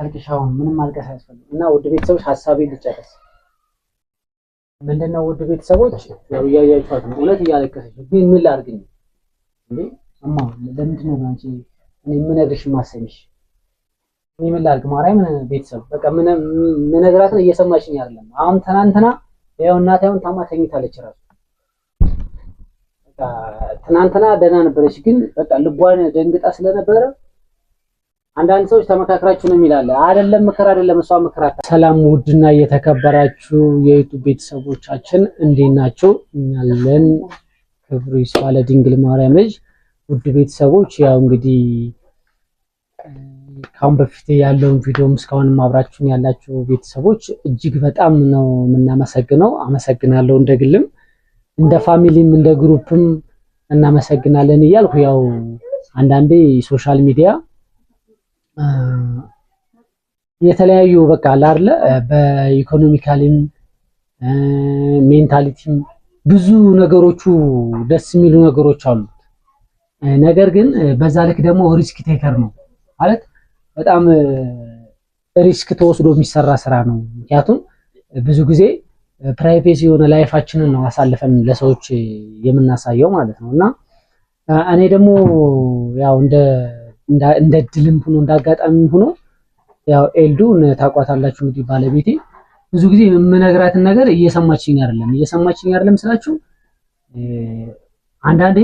አልቅሻውን ምንም ማልቀስ አያስፈልግም። እና ውድ ቤተሰቦች ሀሳቤ ልጨርስ። ምንድነው ውድ ቤተሰቦች ያው እያያችኋት ነው። እውነት እያለቀሰች ግን ምን ላድርግኝ እንዴ እማ፣ ለምንድነው አንቺ እኔ የምነግርሽ ማሰኝሽ? እኔ ምን ላድርግ ምን ቤተሰብ በቃ ምን ምነግራትን እየሰማችኝ አይደለም። አሁን ትናንትና ያው እናት አሁን ታማ ተኝታለች። ራሱ በቃ ትናንትና ደህና ነበረች፣ ግን በቃ ልቧን ደንግጣ ስለነበረ አንዳንድ ሰዎች ተመካክራችሁ ነው የሚላለ። አይደለም ምክር አይደለም እሷ ምክር። ሰላም ውድና የተከበራችሁ የዩቱብ ቤተሰቦቻችን እንዴት ናቸው? እኛለን ክብሩ ይስፋ ድንግል ማርያም ልጅ ውድ ቤተሰቦች፣ ያው እንግዲህ ካሁን በፊት ያለውን ቪዲዮም እስካሁንም አብራችሁን ያላችሁ ቤተሰቦች እጅግ በጣም ነው የምናመሰግነው። አመሰግናለሁ። እንደ ግልም እንደ ፋሚሊም እንደ ግሩፕም እናመሰግናለን እያልኩ ያው አንዳንዴ ሶሻል ሚዲያ የተለያዩ በቃ ላለ በኢኮኖሚካሊም ሜንታሊቲም ብዙ ነገሮቹ ደስ የሚሉ ነገሮች አሉት። ነገር ግን በዛ ልክ ደግሞ ሪስክ ቴከር ነው ማለት በጣም ሪስክ ተወስዶ የሚሰራ ስራ ነው። ምክንያቱም ብዙ ጊዜ ፕራይቬሲ የሆነ ላይፋችንን ነው አሳልፈን ለሰዎች የምናሳየው ማለት ነው እና እኔ ደግሞ ያው እንደ እንደ ድልም ሆኖ እንደ አጋጣሚ ሆኖ ያው ኤልዱ ታቋታላችሁ እንግዲህ ባለቤቴ ብዙ ጊዜ የምነግራትን ነገር እየሰማችኝ አይደለም። እየሰማችኝ አይደለም ስላችሁ አንዳንዴ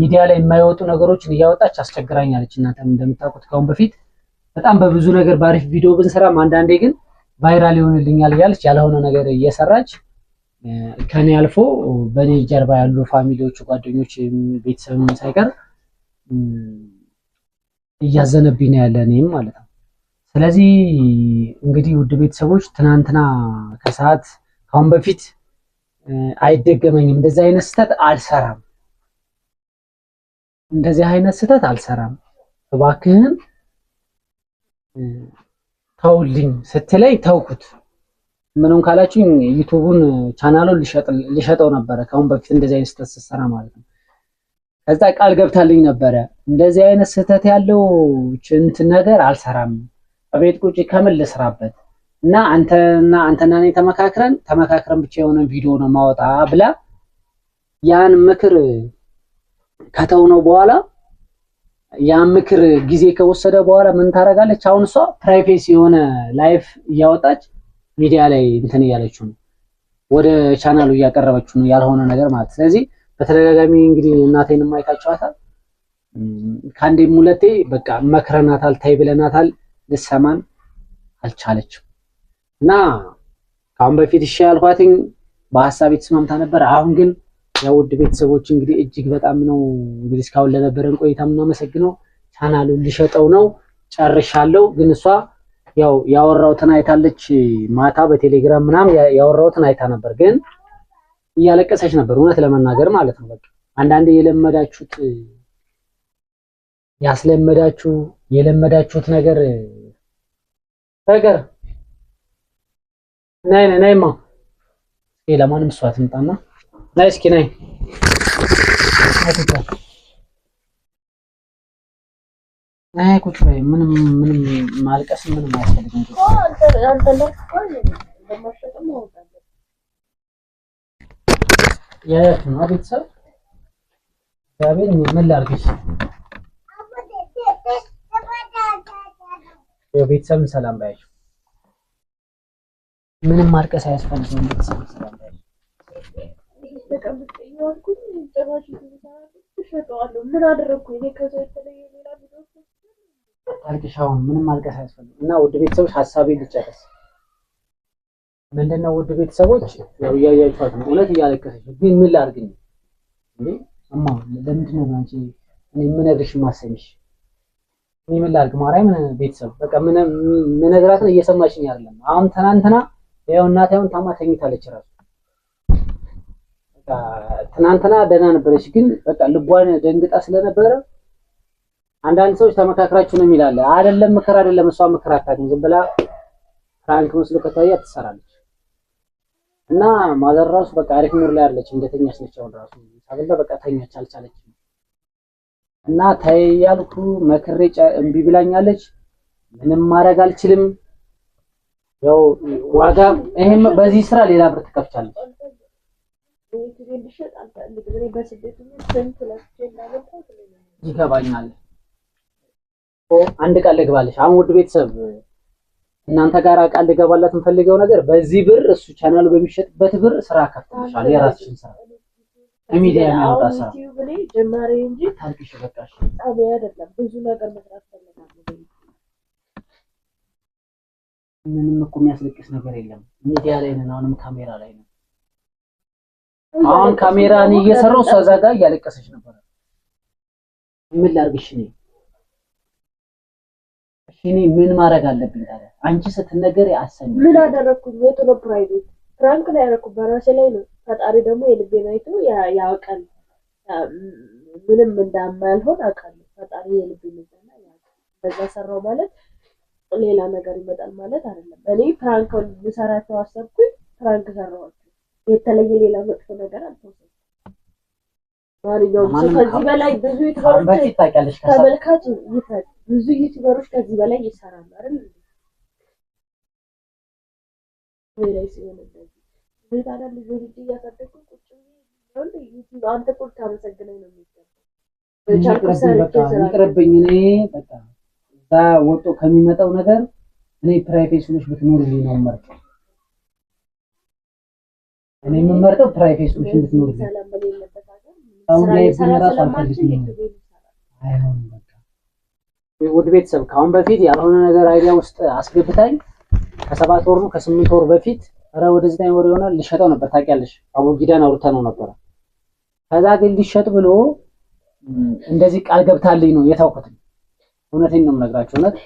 ሚዲያ ላይ የማይወጡ ነገሮችን እያወጣች አስቸግራኛለች። እናንተ እንደምታውቁት ከአሁን በፊት በጣም በብዙ ነገር በአሪፍ ቪዲዮ ብንሰራም አንዳንዴ ግን ቫይራል ይሆንልኛል እያለች ያልሆነ ነገር እየሰራች ከኔ አልፎ በእኔ ጀርባ ያሉ ፋሚሊዎቹ፣ ጓደኞች፣ ቤተሰብ ሳይቀር እያዘነብኝ ነው ያለ እኔም ማለት ነው። ስለዚህ እንግዲህ ውድ ቤተሰቦች ትናንትና ከሰዓት ካሁን በፊት አይደገመኝም። እንደዚህ አይነት ስህተት አልሰራም። እንደዚህ አይነት ስህተት አልሰራም። እባክህን ተውልኝ ስትላይ ተውኩት። ምንም ካላችሁኝ ዩቱቡን ቻናሉን ልሸጠው ነበረ ካሁን በፊት እንደዚህ አይነት ስህተት ስሰራ ማለት ነው። ከዛ ቃል ገብታልኝ ነበረ እንደዚህ አይነት ስህተት ያለው ችንት ነገር አልሰራም፣ በቤት ቁጭ ከምን ልስራበት እና አንተና አንተና እኔ ተመካክረን ተመካክረን ብቻ የሆነ ቪዲዮ ነው ማወጣ ብላ ያን ምክር ከተው ነው በኋላ ያን ምክር ጊዜ ከወሰደ በኋላ ምን ታደርጋለች? አሁን እሷ ፕራይቬሲ የሆነ ላይፍ እያወጣች ሚዲያ ላይ እንትን እያለችው ነው፣ ወደ ቻናሉ እያቀረበችው ነው ያልሆነ ነገር ማለት ስለዚህ በተደጋጋሚ እንግዲህ እናቴን ማይታችኋታል። ከአንዴም ሁለቴ በቃ መክረናታል፣ ታይ ብለናታል። ልሰማን አልቻለችም እና ከአሁን በፊት እሺ ያልኳትኝ በሀሳብ የተስማምታ ነበር። አሁን ግን ያውድ ቤተሰቦች እንግዲህ እጅግ በጣም ነው እንግዲህ እስካሁን ለነበረን ቆይታ የምናመሰግነው። ቻናሉን ሊሸጠው ነው ጨርሻለሁ። ግን እሷ ያው ያወራሁትን አይታለች። ማታ በቴሌግራም ምናምን ያወራሁትን አይታ ነበር ግን እያለቀሰች ነበር። እውነት ለመናገር ማለት ነው። በቃ አንዳንዴ የለመዳችሁት ያስለመዳችሁ የለመዳችሁት ነገር ነገር ናይ ናይ ናይማ ይሄ ለማንም እሷ ትምጣና ናይ እስኪ ናይ ናይ ቁጭ በይ። ምንም ምንም ማልቀስ ምንም አያስፈልግም። ያያችሁ ነው ቤተሰብ እግዚአብሔር ምን ላድርግሽ? ቤተሰብን ሰላም ባያችሁ ምንም ማርቀስ አያስፈልግም። ቤተሰብ ሰላም ባያችሁ አልቅሻውን ምንም ማልቀስ አያስፈልግም እና ውድ ቤተሰቦች ሀሳቤን ልጨርስ ምንድነው ውድ ቤተሰቦች ያው እያያችኋት ነው። እውነት እያለቀሰች ግን ምን ላድርግኝ እማ፣ ለምንድን ነው አንቺ እኔ ምነግርሽ ማሰኝሽ እኔ ምን ላድርግ ማርያምን፣ ቤተሰብ በቃ ምነግራትን እየሰማሽኝ አይደለም። አሁን ትናንትና ያው እናት አሁን ታማ ተኝታለች። ራሱ ትናንትና ደህና ነበረች፣ ግን በቃ ልቧን ደንግጣ ስለነበረ አንዳንድ ሰዎች ተመካክራችሁ ነው የሚላለ አይደለም። ምክር አይደለም እሷ ምክር አታውቅም። ዝም ብላ ፍራንክ መስሎ ከታየ ትሰራለች። እና ማዘር ራሱ በቃ አሪፍ ኑር ላይ አለች። እንደተኛች ነች አሁን ራሱ ሳብላ በቃ ተኛች አልቻለችም። እና ተይ ያልኩ መክሬ እምቢ ብላኛለች። ምንም ማድረግ አልችልም። ያው ዋጋ ይሄም በዚህ ስራ ሌላ ብር ትከፍቻለች። ይገባኛል። አንድ ቃል ልግባልሽ አሁን ውድ ቤተሰብ እናንተ ጋር ቃል ልገባላት የምፈልገው ነገር በዚህ ብር እሱ ቻናሉ በሚሸጥበት ብር ስራ ከፍተሻል። የራስሽን ስራ ሚዲያ የሚያወጣ ስራ ጀማሪ እንጂ ታልቅሽ በቃሽ። ብዙ ነገር መስራት ምንም እኮ የሚያስለቅስ ነገር የለም። ሚዲያ ላይ ነን፣ አሁንም ካሜራ ላይ ነው። አሁን ካሜራ እኔ እየሰራሁ እሷ እዛ ጋር እያለቀሰች ነበር። ምን ላርግሽ ነው እኔ ምን ማድረግ አለብኝ ታዲያ? አንቺ ስትነገር አሰኝ ምን አደረግኩኝ? የቱ ነው ፕራይቬት ፍራንክ ላይ ያደረግኩት በራሴ ላይ ነው። ፈጣሪ ደግሞ የልቤን አይቶ ያውቃል። ምንም እንዳማያልሆን አውቃለሁ። ፈጣሪ የልቤን ይዘና ያውቃል። በዛ ሰራው ማለት ሌላ ነገር ይመጣል ማለት አይደለም። እኔ ፍራንክ ልሰራቸው አሰብኩኝ፣ ፍራንክ ሰራኋቸው። የተለየ ሌላ መጥፎ ነገር አልተወሰነ ከዚህ በላይ ብዙ ዩቲዩበሮች ተመልካች ይፈል ብዙ ዩቲዩበሮች ከዚህ በላይ ይሰራሉ አይደል? አንተ ቁጭ አመሰግነኝ ነው የሚገባው። ይቅርብኝ። እኔ በቃ እዛ ወጦ ከሚመጣው ነገር እኔ ፕራይቬሲዎች ብትኖርልኝ ነው የምመርጠው። እኔ የምመርጠው ፕራይቬሲዎች ብትኖርልኝ አሁን ላይ በቃ ውድ ቤተሰብ ከአሁን በፊት ያልሆነ ነገር አይዲያ ውስጥ አስገብታኝ ከሰባት ወር ነው ከስምንት ወር በፊት ኧረ ወደ ዘጠኝ ወር ይሆናል ሊሸጠው ነበር ታውቂያለሽ። አቡጊዳን አውርተ ነው ነበረ። ከዛ ግን ሊሸጥ ብሎ እንደዚህ ቃል ገብታልኝ ነው የታውኩት። እውነቴን ነው የምነግራቸው፣ እውነት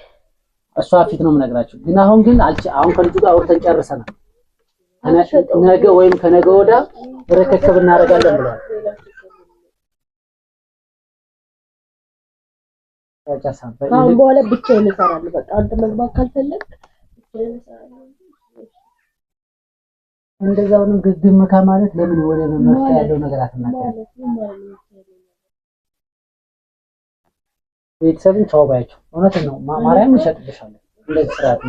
እሷ ፊት ነው የምነግራቸው። ግን አሁን ግን አሁን ከልጁ ጋር አውርተን ጨርሰናል። ነገ ወይም ከነገ ወዳ ርክክብ እናደርጋለን ብለዋል። ከአሁን በኋላ ብቻዬን እሰራለሁ። በቃ አንተ መግባት ካልፈለግ እንደዛውንም ግግም ከማለት ለምን ወደ መፍትሄ ያለው ነገር አትናገርም? ቤተሰብን ቻው ባያቸው እውነት ነው። ማርያም እንደዚህ ስርዓት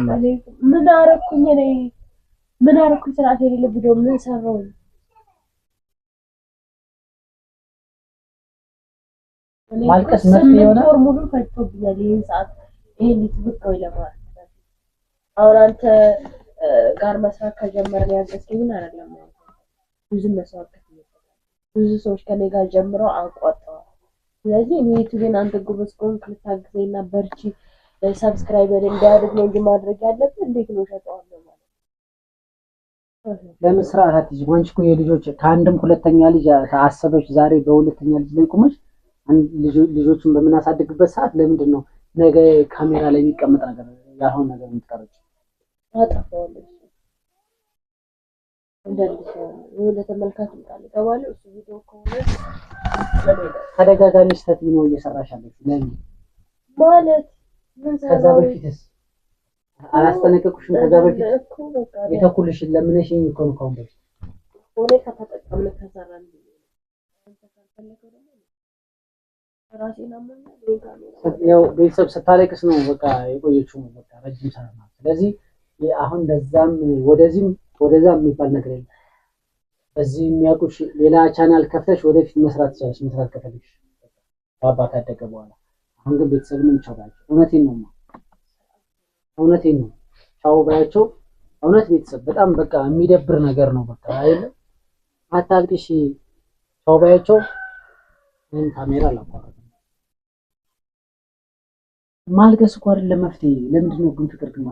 ምን አደረኩኝ? ምን አደረኩኝ? ስርዓት የሌለ ቪዲዮ ምን ሰራው? ማልቀስ መፍትሄ የሆነ ወር ሙሉ ፈጅቶብኛል። ይሄን ሰዓት ይሄን ልትብቅ ወይ ለማለት አሁን አንተ ጋር መስራት ከጀመርን ግን አይደለም። ብዙ መስዋዕት ብዙ ሰዎች ከኔ ጋር ጀምረው አቋጠዋል። ስለዚህ እኔ ዩቲዩብን አንተ ጎበዝ ከሆንክ እና በርቺ፣ ሰብስክራይበር እንዲያደርግ ነው እንጂ ማድረግ ያለብህ እንዴት ነው እሸጠዋለሁ ማለት ለምን ስራ አትይዥም? አንቺ የልጆች ከአንድም ሁለተኛ ልጅ አሰበች። ዛሬ በሁለተኛ ልጅ ላይ ቁመች ልጆችን በምናሳድግበት ሰዓት ለምንድን ነው ነገ ካሜራ ላይ የሚቀመጥ ነገር ያልሆን ነገር የምትቀርጭ? ተደጋጋሚ ስህተት ነው እየሰራሽ አለች። ለምን ማለት ከዛ በፊትስ አላስጠነቀቁሽም? ከዛ በፊት የተኩልሽን ለምነሽኝ እኮ ነው ከአሁን በፊት ሆነ ከተጠቀምነ ያው ቤተሰብ ስታለቅስ ነው በቃ የቆየችው በቃ ረጅም ሰዓት ስለዚህ አሁን እንደዛም ወደዚህም ወደዛም የሚባል ነገር የለም። በዚህ የሚያውቁሽ ሌላ ቻናል ከፍተሽ ወደፊት መስራት ትችላለሽ፣ መስራት ከፈለግሽ ባባ ካደገ በኋላ። አሁን ግን ቤተሰብ ምን ይቻላል? እውነቴን ነው እውነቴን ነው። ቻው ባያቸው እውነት ቤተሰብ በጣም በቃ የሚደብር ነገር ነው። በቃ አይደለም አታልቅሽ። ቻው ባያቸው ምን ካሜራ አላቋረጥም ማልቀስ እኮ አይደለም መፍትሄ። ለምንድን ነው ግን ፍቅር ግን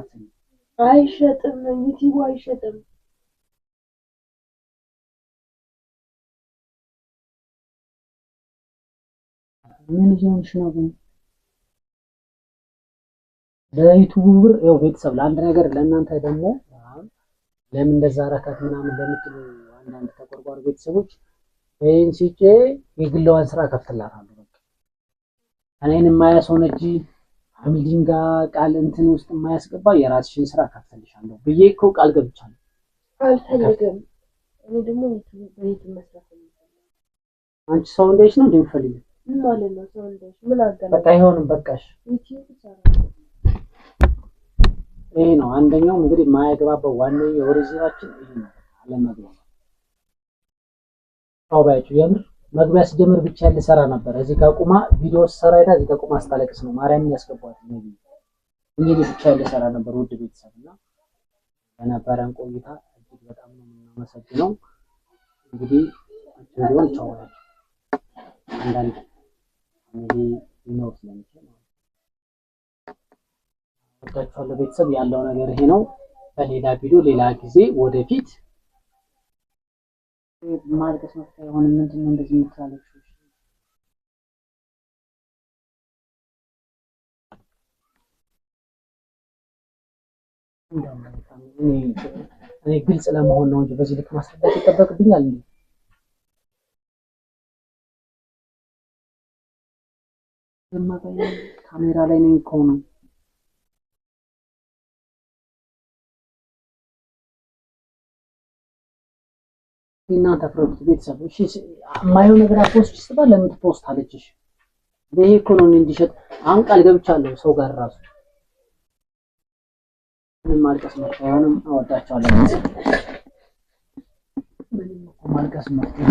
አይሸጥም፣ ዩቲቡ አይሸጥም። ምን እየሆንሽ ነው ግን? በዩቲቡ ብር ያው ቤተሰብ ለአንድ ነገር ለእናንተ ደግሞ ለምን እንደዛ አራካት ምናምን ለምትሉ አንዳንድ ተቆርቋሪ ቤተሰቦች ይህን ሲጬ የግለዋን ስራ ከፍትላታለሁ። በቃ እኔን የማያሰው ነጂ ከሚዲን ጋር ቃል እንትን ውስጥ የማያስገባ የራስሽን ስራ ከፍተልሻለሁ ብዬ እኮ ቃል ገብቻለሁ። አልፈልግም። አንቺ ሰው እንደሽ ነው እንደምፈልግ በቃ ይሆንም በቃሽ። ይሄ ነው አንደኛው እንግዲህ የማያግባባው ዋናው የኦሪጂናችን ይሄ ነው አለመግባባት። ሰው ባያችሁ የምር መግቢያ ስጀምር ብቻ ልሰራ ነበር። እዚህ ጋር ቁማ ቪዲዮ ሰራ ይታ እዚህ ጋር ቁማ አስታለቅስ ነው ማርያም ያስገባት ነው እንግዲህ ብቻ ልሰራ ነበር። ውድ ቤተሰብ እና በነበረን ቆይታ እጅግ በጣም ነው የምናመሰግነው። እንግዲህ ቪዲዮን ቻውላችሁ አንዳንድ እንግዲህ ሊኖር ስለሚችል ወዳችኋለሁ ቤተሰብ ያለው ነገር ይሄ ነው። በሌላ ቪዲዮ ሌላ ጊዜ ወደፊት ማልቀስ መፍትሄ አይሆንም። ምንድን ነው እንደዚህ የምትላለች? እኔ ግልጽ ለመሆን ነው እንጂ በዚህ ልክ ማስረዳት ይጠበቅብኛል። ካሜራ ላይ ነኝ ከሆነ የእናንተ ፕሮጀክት ቤተሰብ እሺ፣ የማየው ነገር አፖስት ስትባል ለምን ትፖስት አለችሽ? ይሄ እኮ ነው እንዲሸጥ አሁን ቃል ገብቻለሁ ሰው ጋር ራሱ ምን ማልቀስ መፍትሄ አይሆንም። አወዳቸዋለሁ። ማልቀስ መፍትሄ